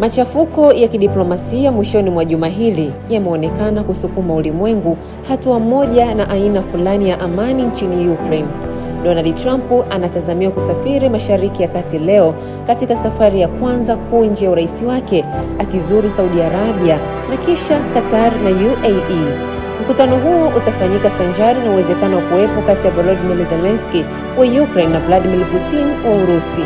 Machafuko ya kidiplomasia mwishoni mwa juma hili yameonekana kusukuma ulimwengu hatua moja na aina fulani ya amani nchini Ukraine. Donald Trump anatazamiwa kusafiri Mashariki ya Kati leo katika safari ya kwanza kuu nje ya urais wake, akizuru Saudi Arabia na kisha Qatar na UAE. Mkutano huo utafanyika sanjari na uwezekano wa kuwepo kati ya Volodymyr Zelensky wa Ukraine na Vladimir Putin wa Urusi.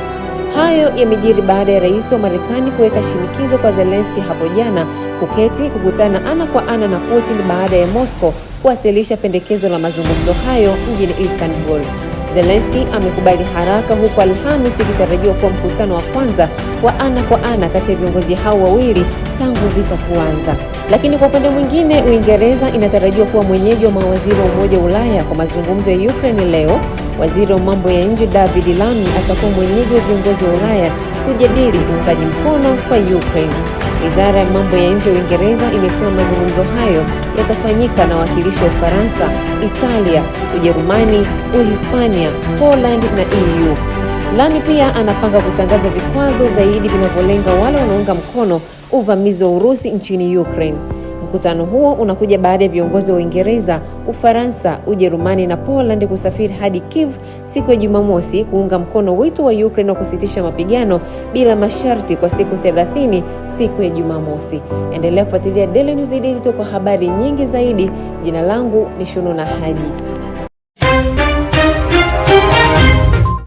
Hayo yamejiri baada ya rais wa Marekani kuweka shinikizo kwa Zelensky hapo jana kuketi kukutana ana kwa ana na Putin baada ya Moscow kuwasilisha pendekezo la mazungumzo hayo mjini Istanbul. Zelensky amekubali haraka huku alhamis ikitarajiwa kuwa mkutano wa kwanza wa ana kwa ana kati ya viongozi hao wawili tangu vita kuanza. Lakini kwa upande mwingine, Uingereza inatarajiwa kuwa mwenyeji wa mawaziri wa Umoja wa Ulaya kwa mazungumzo ya Ukraine leo Waziri wa mambo ya nje David Lammy atakuwa mwenyeji wa viongozi wa Ulaya kujadili uungaji mkono kwa Ukraine. Wizara ya mambo ya nje ya Uingereza imesema mazungumzo hayo yatafanyika na wawakilishi wa Ufaransa, Italia, Ujerumani, Uhispania, Poland na EU. Lami pia anapanga kutangaza vikwazo zaidi vinavyolenga wale wanaunga mkono uvamizi wa Urusi nchini Ukraine. Mkutano huo unakuja baada ya viongozi wa Uingereza, Ufaransa, Ujerumani na Poland kusafiri hadi Kiev siku ya Jumamosi kuunga mkono wito wa Ukraine wa kusitisha mapigano bila masharti kwa siku 30 siku ya Jumamosi. Endelea kufuatilia Daily News Digital kwa habari nyingi zaidi. Jina langu ni Shununa Haji.